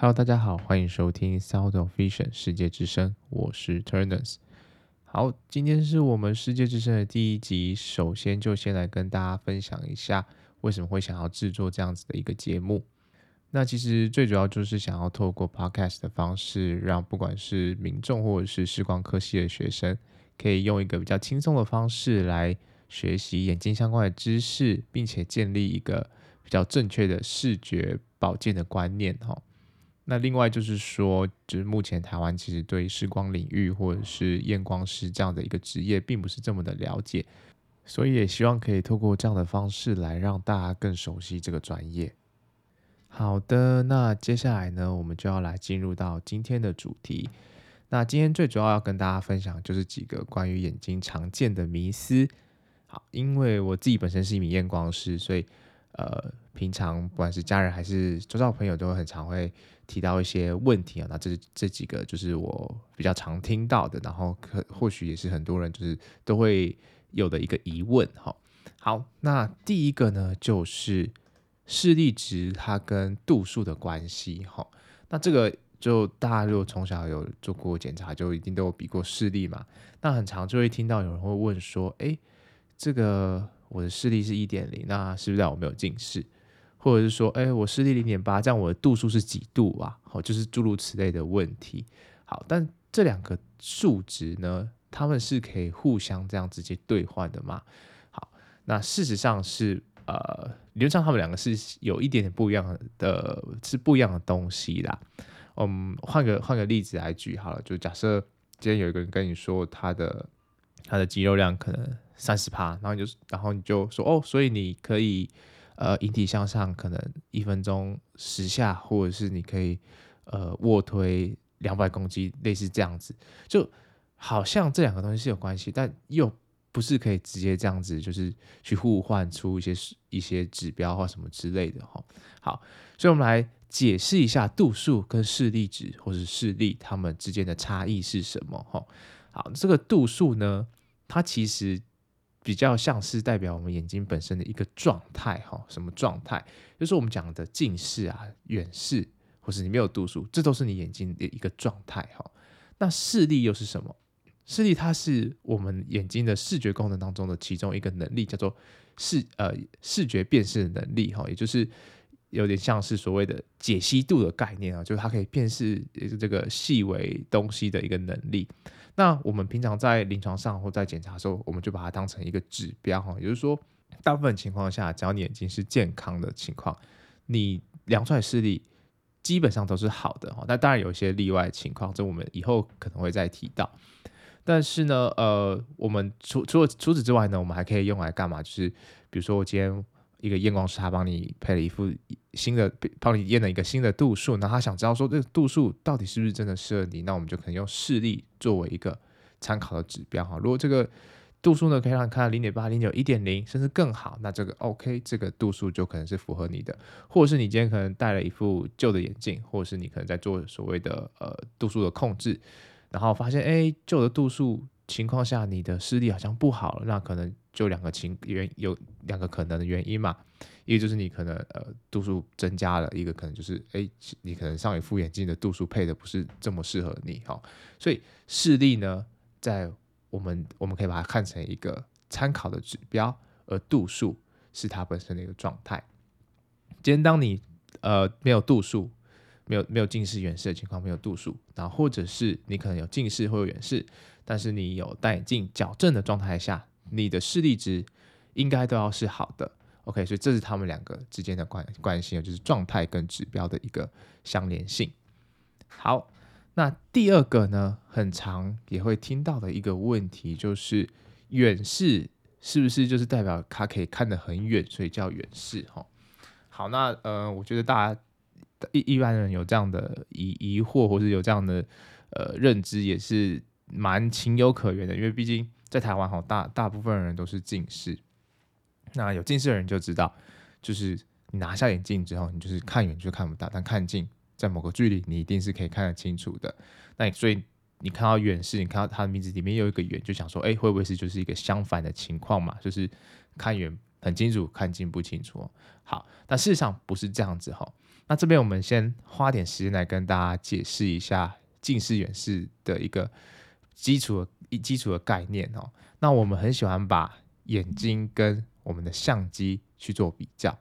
Hello，大家好，歡迎收聽 South of Vision 世界之聲，我是 Turnus。好，今天是我們世界之聲的第一集，首先就先來跟大家分享一下為什麼會想要制作這樣子的一個節目。那其實最主要就是想要透過 podcast 的方式，讓不管是民眾或者是視光科系的學生，可以用一個比較輕鬆的方式來學習眼睛相關的知識，並且建立一個比較正確的視覺保健的觀念，哈。那另外就是說，就是目前台灣其實對視光領域或者是驗光師這樣的一個職業，並不是這麼的了解，所以也希望可以透過這樣的方式來讓大家更熟悉這個專業。好的，那接下來呢，我們就要來進入到今天的主題。那今天最主要要跟大家分享，就是幾個關於眼睛常見的迷思。好，因為我自己本身是一名驗光師，所以呃，平常不管是家人還是周遭朋友，都很常會。提到一些問題啊，那這是這幾個就是我比較常聽到的，然後可或許也是很多人就是都會有的一個疑問哈。好，那第一個呢，就是視力值它跟度數的關係哈。那這個就大家如果從小有做過檢查，就一定都有比過視力嘛。那很常就會聽到有人會問說，哎、欸，這個我的視力是一點零，那是不是在我沒有近視？或者是說，哎，我視力零點八，這樣我的度數是幾度啊？好，就是諸如此類的問題。好，但這兩個數值呢，它們是可以互相這樣直接兌換的嗎？好，那事實上是，呃，理論上他們兩個是有一點點不一樣的，是不一樣的東西啦。嗯，換個換個例子來舉好了，就假設今天有一個人跟你說他的他的肌肉量可能三十趴，然後你就然後你就說，哦，所以你可以。呃，引體向上可能一分鐘十下，或者是你可以，呃，臥推兩百公斤，類似這樣子，就好像這兩個東西是有關係，但又不是可以直接這樣子，就是去互換出一些一些指標或什麼之類的哈。好，所以我們來解釋一下度數跟視力值或者視力它們之間的差異是什麼哈。好，這個度數呢，它其實。比較像是代表我們眼睛本身的一個狀態哈，什麼狀態？就是我們講的近視啊、遠視，或是你沒有度數，這都是你眼睛的一個狀態哈。那視力又是什麼？視力它是我們眼睛的視覺功能當中的其中一個能力，叫做視呃視覺辨識的能力哈，也就是有點像是所謂的解析度的概念啊，就是它可以辨識是這個細微東西的一個能力。那我們平常在臨床上或在檢查的時候，我們就把它當成一個指標哈。也就是說，大部分情況下，只要你眼睛是健康的情況，你量出來視力基本上都是好的哈。那當然有一些例外情況，這我們以後可能會再提到。但是呢，呃，我們除除了除此之外呢，我們還可以用來幹嘛？就是比如說我今天一個驗光師，他幫你配了一副新的，幫你驗了一個新的度數，那他想知道說這個度數到底是不是真的適合你，那我們就可能用視力作為一個參考的指標哈。如果這個度數呢，可以讓你看到零點八、零點九、一點零，甚至更好，那這個 OK，這個度數就可能是符合你的，或者是你今天可能戴了一副舊的眼鏡，或者是你可能在做所謂的呃度數的控制，然後發現哎舊的度數情況下你的視力好像不好了，那可能。就兩個情原有兩個可能的原因嘛，一個就是你可能呃度數增加了，一個可能就是哎你可能上一副眼鏡的度數配的不是這麼適合你哦。所以視力呢，在我們我們可以把它看成一個參考的指標，而度數是它本身的一個狀態。今天當你呃沒有度數，沒有沒有近視遠視的情況，沒有度數，然後或者是你可能有近視或有遠視，但是你有戴眼鏡矯正的狀態下，你的視力值應該都要是好的，OK，所以這是他們兩個之間的關關係，就是狀態跟指標的一個相連性。好，那第二個呢，很常也會聽到的一個問題就是遠視是不是就是代表他可以看得很遠，所以叫遠視？哈，好，那呃，我覺得大家一一般人有這樣的疑疑惑，或是有這樣的呃認知，也是蠻情有可原的，因為畢竟。在台灣好大大部分人都是近視。那有近視的人就知道，就是你拿下眼鏡之後，你就是看遠就看不到，但看近在某個距離，你一定是可以看得清楚的。那所以你看到遠視，你看到他的名字裡面有一個遠，就想說，哎、欸，會不會是就是一個相反的情況嘛？就是看遠很清楚，看近不清楚。好，但事實上不是這樣子吼。那這邊我們先花點時間來跟大家解釋一下近視遠視的一個基礎。一基礎的概念哦，那我們很喜歡把眼睛跟我們的相機去做比較。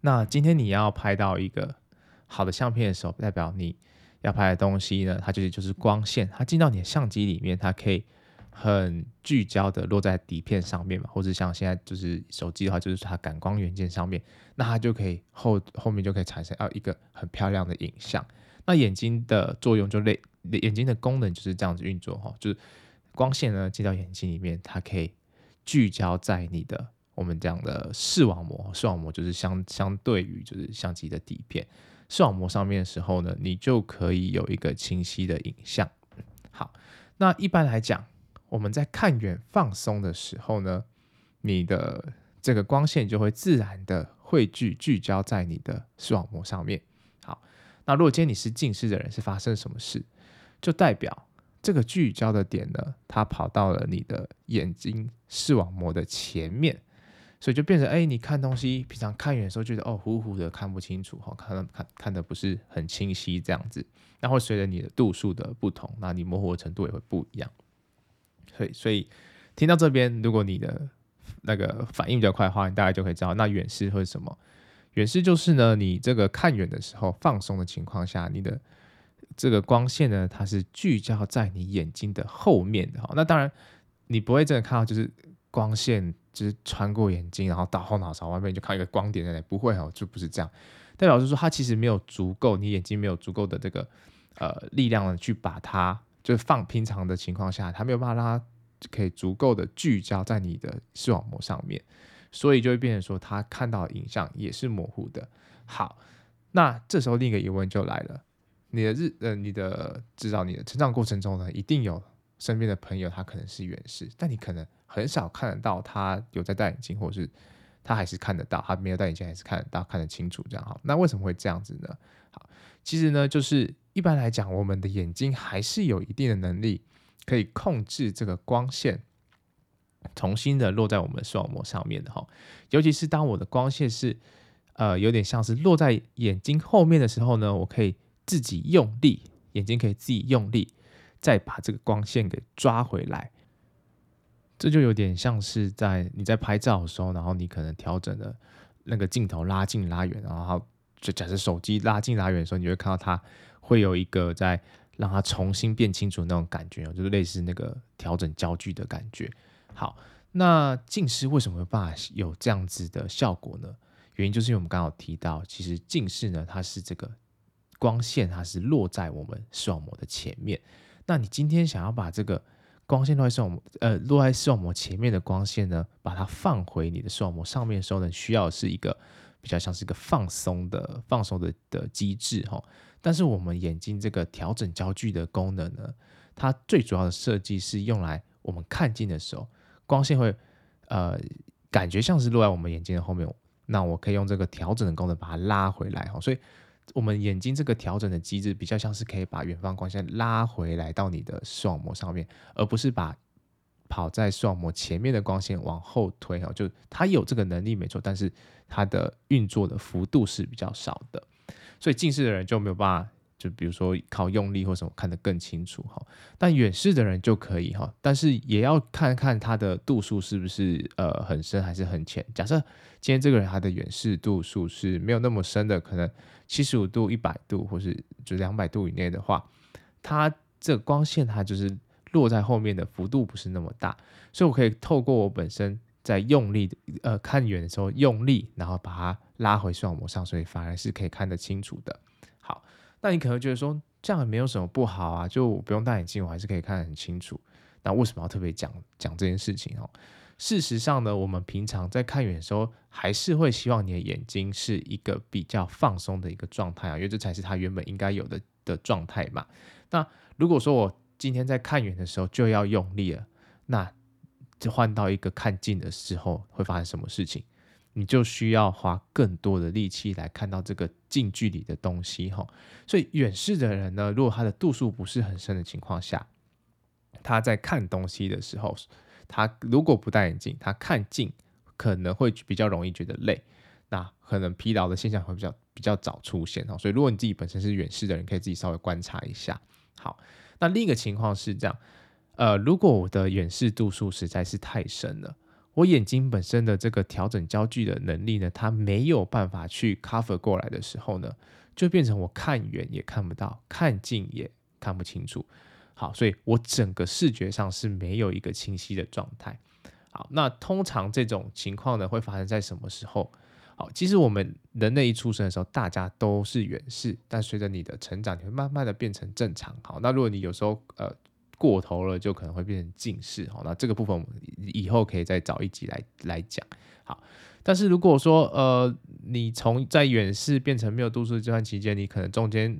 那今天你要拍到一個好的相片的時候，代表你要拍的東西呢，它就是就是光線，它進到你的相機裡面，它可以很聚焦的落在底片上面嘛，或者像現在就是手機的話，就是它感光元件上面，那它就可以後後面就可以產生啊一個很漂亮的影像。那眼睛的作用就類。眼睛的功能就是這樣子運作哈，就是光線呢進到眼睛裡面，它可以聚焦在你的、我們講的視網膜，視網膜就是相相對於就是相機的底片，視網膜上面的時候呢，你就可以有一個清晰的影像。好，那一般來講，我們在看遠放鬆的時候呢，你的這個光線就會自然的匯聚聚焦在你的視網膜上面。好，那如果今天你是近視的人，是發生什麼事？就代表這個聚焦的點呢，它跑到了你的眼睛視網膜的前面，所以就變成哎、欸，你看東西，平常看遠的時候覺得哦，糊糊的，看不清楚，哈，看的看看的不是很清晰這樣子。然後隨着你的度數的不同，那你模糊的程度也會不一樣。所以，所以聽到這邊，如果你的那個反應比較快的話，你大概就可以知道，那遠視會是什麼？遠視就是呢，你這個看遠的時候放鬆的情況下，你的。這個光線呢，它是聚焦在你眼睛的後面的哈、哦。那當然，你不會真的看到，就是光線就是穿過眼睛，然後到後腦勺外面就看到一個光點在那，不會哈、哦，就不是這樣。代表是說，它其實沒有足夠，你眼睛沒有足夠的這個呃力量呢，去把它，就是放平常的情況下，它沒有辦法讓它可以足夠的聚焦在你的視網膜上面，所以就會變成說，它看到的影像也是模糊的。好，那這時候另一個疑問就來了。你的日，呃，你的知道你的成長過程中呢，一定有身邊的朋友，他可能是遠視，但你可能很少看得到他有在戴眼鏡，或者是他還是看得到，他沒有戴眼鏡還是看得到，看得清楚這樣哈。那為什麼會這樣子呢？好，其實呢，就是一般來講，我們的眼睛還是有一定的能力，可以控制這個光線重新的落在我們的視網膜上面的哈。尤其是當我的光線是呃有點像是落在眼睛後面的時候呢，我可以。自己用力，眼睛可以自己用力，再把這個光線給抓回來，這就有點像是在你在拍照的時候，然後你可能調整了那個鏡頭拉近拉遠，然後就假設手機拉近拉遠的時候，你就會看到它會有一個在讓它重新變清楚的那種感覺，就是類似那個調整焦距的感覺。好，那近視為什麼有辦法有這樣子的效果呢？原因就是因為我們剛好提到，其實近視呢，它是這個。光線它是落在我們視網膜的前面。那你今天想要把這個光線落在視網膜呃落在視網膜前面的光線呢，把它放回你的視網膜上面的時候呢，需要是一個比較像是一個放鬆的放鬆的的機制哈。但是我們眼睛這個調整焦距的功能呢，它最主要的設計是用來我們看近的時候，光線會呃感覺像是落在我們眼睛的後面，那我可以用這個調整的功能把它拉回來哈，所以。我們眼睛，這個調整的機制比較像是可以把遠方光線拉回來到你的視網膜上面，而不是把跑在視網膜前面的光線往後推。哈，就他它有這個能力沒錯，但是它的運作的幅度是比較少的，所以近視的人就沒有辦法。就比如說靠用力或什麼看得更清楚哈，但遠視的人就可以哈，但是也要看看他的度數是不是呃很深還是很淺？假設今天這個人他的遠視度數是沒有那麼深的，可能七十五度、一百度，或是就兩百度以內的話，他這光線它就是落在後面的幅度不是那麼大，所以我可以透過我本身在用力的呃看遠的時候用力，然後把它拉回視網膜上，所以反而是可以看得清楚的。那你可能覺得說這樣沒有什麼不好啊，就不用戴眼鏡，我還是可以看得很清楚。那為什麼要特別講講這件事情哦？事實上呢，我們平常在看遠的時候，還是會希望你的眼睛是一個比較放鬆的一個狀態啊，因為這才是他原本應該有的的狀態嘛。那如果說我今天在看遠的時候就要用力了，那就換到一個看近的時候會發生什麼事情？你就需要花更多的力氣來看到這個近距離的東西哈，所以遠視的人呢，如果他的度數不是很深的情況下，他在看東西的時候，他如果不戴眼鏡，他看近可能會比較容易覺得累，那可能疲勞的現象會比較比較早出現哈。所以如果你自己本身是遠視的人，可以自己稍微觀察一下。好，那另一個情況是這樣，呃，如果我的遠視度數實在是太深了。我眼睛本身的這個調整焦距的能力呢，它沒有辦法去 cover 過來的時候呢，就變成我看遠也看不到，看近也看不清楚。好，所以我整個視覺上是沒有一個清晰的狀態。好，那通常這種情況呢，會發生在什麼時候？好，其實我們人類一出生的時候，大家都是遠視，但隨着你的成長，你會慢慢的變成正常。好，那如果你有時候呃。過頭了就可能會變成近視。好，那這個部分以後可以再找一集來來講。好，但是如果說呃，你從在遠視變成沒有度數這段期間，你可能中間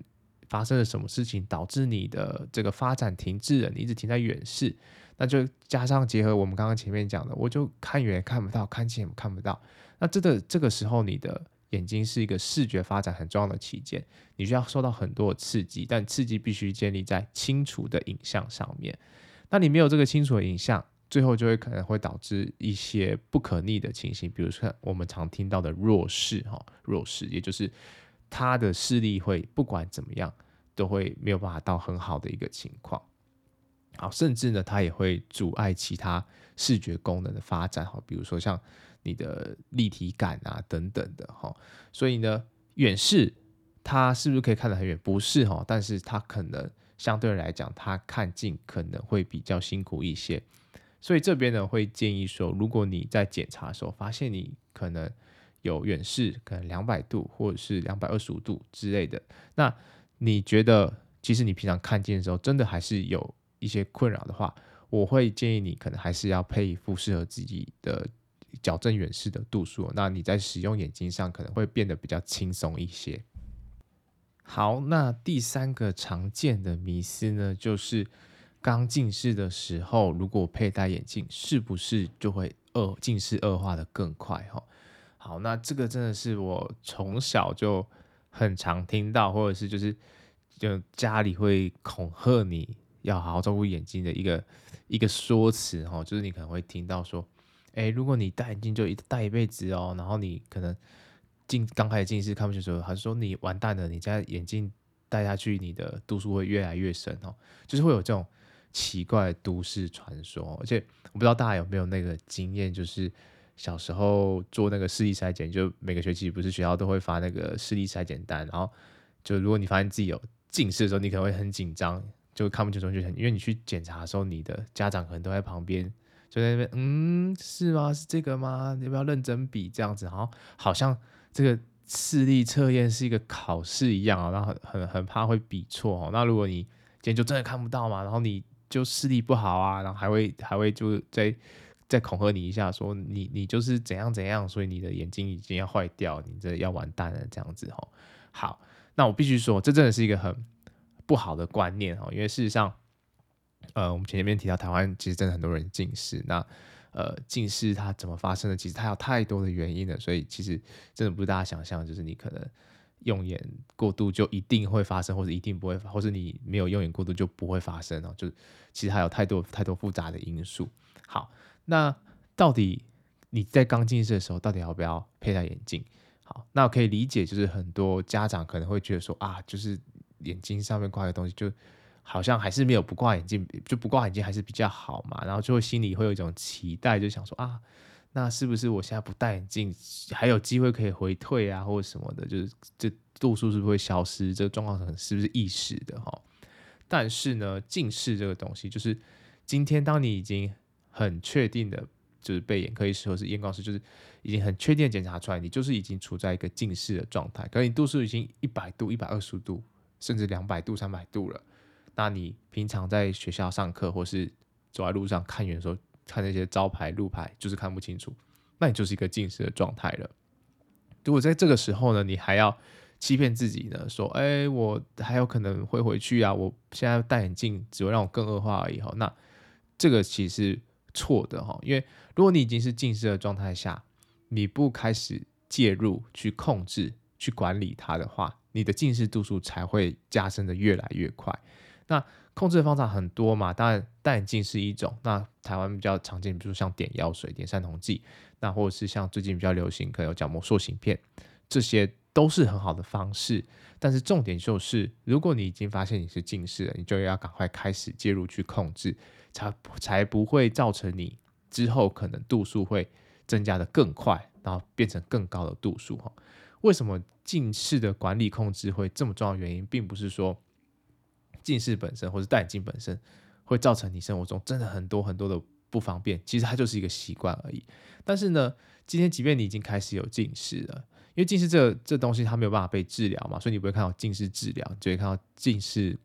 發生了什麼事情導致你的這個發展停滯了，你一直停在遠視，那就加上結合我們剛剛前面講的，我就看遠看不到，看近也看不到，那這個這個時候你的。眼睛是一個視覺發展很重要的期間，你需要受到很多的刺激，但刺激必須建立在清楚的影像上面。那你沒有這個清楚的影像，最後就會可能會導致一些不可逆的情形，比如說我們常聽到的弱視哈，弱視也就是他的視力會不管怎麼樣都會沒有辦法到很好的一個情況，好，甚至呢他也會阻礙其他視覺功能的發展哈，比如說像。你的立體感啊，等等的哈，所以呢，遠視它是不是可以看得很遠？不是哈，但是它可能相對來講，它看近可能會比較辛苦一些。所以這邊呢，會建議說，如果你在檢查的時候發現你可能有遠視，可能兩百度或者是兩百二十五度之類的，那你覺得其實你平常看近的時候，真的還是有一些困擾的話，我會建議你可能還是要配一副適合自己的。矯正遠視的度數，那你在使用眼睛上可能會變得比較輕鬆一些。好，那第三個常見的迷思呢，就是剛近視的時候，如果佩戴眼鏡，是不是就會惡近視惡化的更快？哦？好，那這個真的是我從小就很常聽到，或者是就是就家裡會恐嚇你要好好照顧眼睛的一個一個說辭，哦，就是你可能會聽到說。哎、欸，如果你戴眼鏡就一戴一輩子哦，然後你可能近剛開始近視看不清楚，還是說你完蛋了？你這樣眼鏡戴下去，你的度數會越來越深哦，就是會有這種奇怪的都市傳說。而且我不知道大家有沒有那個經驗，就是小時候做那個視力篩檢，就每個學期不是學校都會發那個視力篩檢單，然後就如果你發現自己有近視的時候，你可能會很緊張，就看不清楚，就因為你去檢查的時候，你的家長可能都在旁邊。就在那邊，嗯，是嗎？是這個嗎？你要不要認真比這樣子？然後好像這個視力測驗是一個考試一樣啊，然後很很很怕會比錯哦。那如果你今天就真的看不到嘛，然後你就視力不好啊，然後還會還會就在在恐嚇你一下，說你你就是怎樣怎樣，所以你的眼睛已經要壞掉，你這要完蛋了這樣子哦。好，那我必須說，這真的是一個很不好的觀念哦，因為事實上。呃，我們前面提到台灣其實真的很多人近視，那呃，近視它怎麼發生的？其實它有太多的原因了，所以其實真的不是大家想象，就是你可能用眼過度就一定會發生，或者一定不會，或者你沒有用眼過度就不會發生哦。就其實還有太多太多複雜的因素。好，那到底你在剛近視的時候，到底要不要佩戴眼鏡？好，那我可以理解，就是很多家長可能會覺得說啊，就是眼睛上面掛個東西就。好像還是沒有不掛眼鏡，就不掛眼鏡還是比較好嘛。然後就會心裡會有一種期待，就想說啊，那是不是我現在不戴眼鏡還有機會可以回退啊，或者什麼的？就是這度數是不是會消失？這個狀況是不是一時的哈？但是呢，近視這個東西，就是今天當你已經很確定的，就是被眼科醫師或是驗光師就是已經很確定的檢查出來，你就是已經處在一個近視的狀態，可能你度數已經一百度、一百二十度，甚至兩百度、三百度了。那你平常在學校上課，或是走在路上看遠的時候，看那些招牌、路牌，就是看不清楚。那你就是一個近視的狀態了。如果在這個時候呢，你還要欺騙自己呢，說：“哎、欸，我還有可能會回，回去啊！我現在戴眼鏡只會讓我更惡化而已。”哈，那這個其實是錯的哈，因為如果你已經是近視的狀態下，你不開始介入去控制、去管理它的話，你的近視度數才會加深得越來越快。那控制的方法很多嘛，當然戴眼鏡是一種。那台灣比較常見，比如說像點藥水、點散瞳劑，那或者是像最近比較流行，可能有角膜塑形片，這些都是很好的方式。但是重點就是，如果你已經發現你是近視了，你就要趕快開始介入去控制，才才不會造成你之後可能度數會增加的更快，然後變成更高的度數哈。為什麼近視的管理控制會這麼重要的原因，並不是說，近視本身，或者戴眼鏡本身，會造成你生活中真的很多很多的不方便。其實它就是一個習慣而已。但是呢，今天即便你已經開始有近視了，因為近視這個、這個東西它沒有辦法被治療嘛，所以你不會看到近視治療，就會看到近視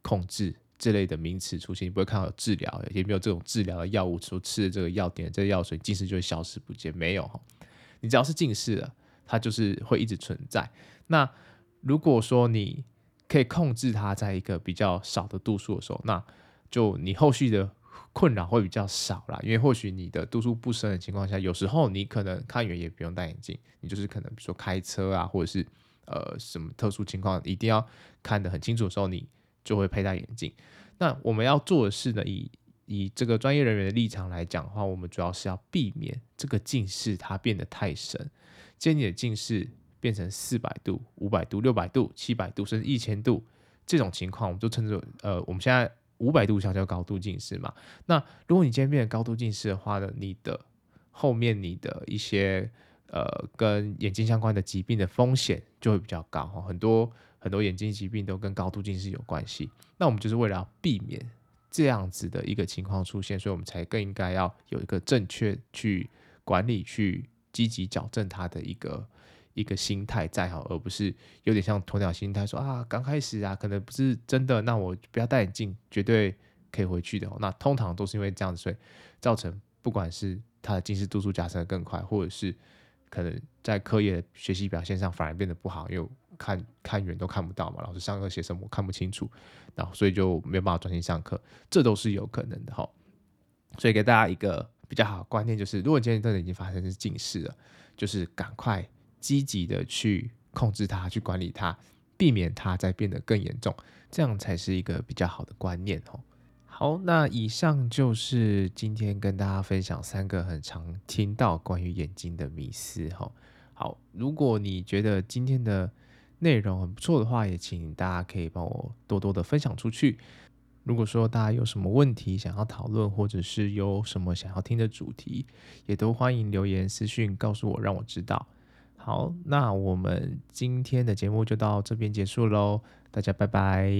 控制之類的名詞出現。你不會看到有治療，也沒有這種治療的藥物，所吃，吃的這個藥點、這個藥水，近視就會消失不見。沒有，你只要是近視了，它就是會一直存在。那如果說你，可以控制它在一個比較少的度數的時候，那就你後續的困擾會比較少了。因為或許你的度數不深的情況下，有時候你可能看遠也不用戴眼鏡，你就是可能比如說開車啊，或者是呃什麼特殊情況一定要看得很清楚的時候，你就會佩戴眼鏡。那我們要做的是呢，以以這個專業人員的立場來講的話，我們主要是要避免這個近視它變得太深。建議的近視。變成四百度、五百度、六百度、七百度，甚至一千度這種情況，我們就稱之為呃，我們現在五百度以上叫高度近視嘛。那如果你今天變成高度近視的話呢，你的後面你的一些呃跟眼睛相關的疾病的風險就會比較高。很多很多眼睛疾病都跟高度近視有關係。那我們就是為了要避免這樣子的一個情況出現，所以我們才更應該要有一個正確去管理、去積極矯正它的一個。一個心態再好，而不是有點像鴕鳥心態說，說啊，剛開始啊，可能不是真的，那我不要戴眼鏡，絕對可以回去的哦。那通常都是因為這樣子，所以造成不管是他的近視度數加深的更快，或者是可能在課業的學習表現上反而變得不好，又看看遠都看不到嘛，老師上課寫什麼我看不清楚，然後所以就沒有辦法專心上課，這都是有可能的哈哦。所以給大家一個比較好的觀念，就是如果你今天真的已經發生是近視了，就是趕快。積極的去控制它，去管理它，避免它再變得更嚴重，這樣才是一個比較好的觀念吼，好，那以上就是今天跟大家分享三個很常聽到關於眼睛的迷思哈。好，如果你覺得今天的內容很不錯的話，也請大家可以幫我多多的分享出去。如果說大家有什麼問題想要討論，或者是有什麼想要聽的主題，也都歡迎留言私訊告訴我，讓我知道。好，那我們今天的節目就到這邊結束嘍。大家拜拜。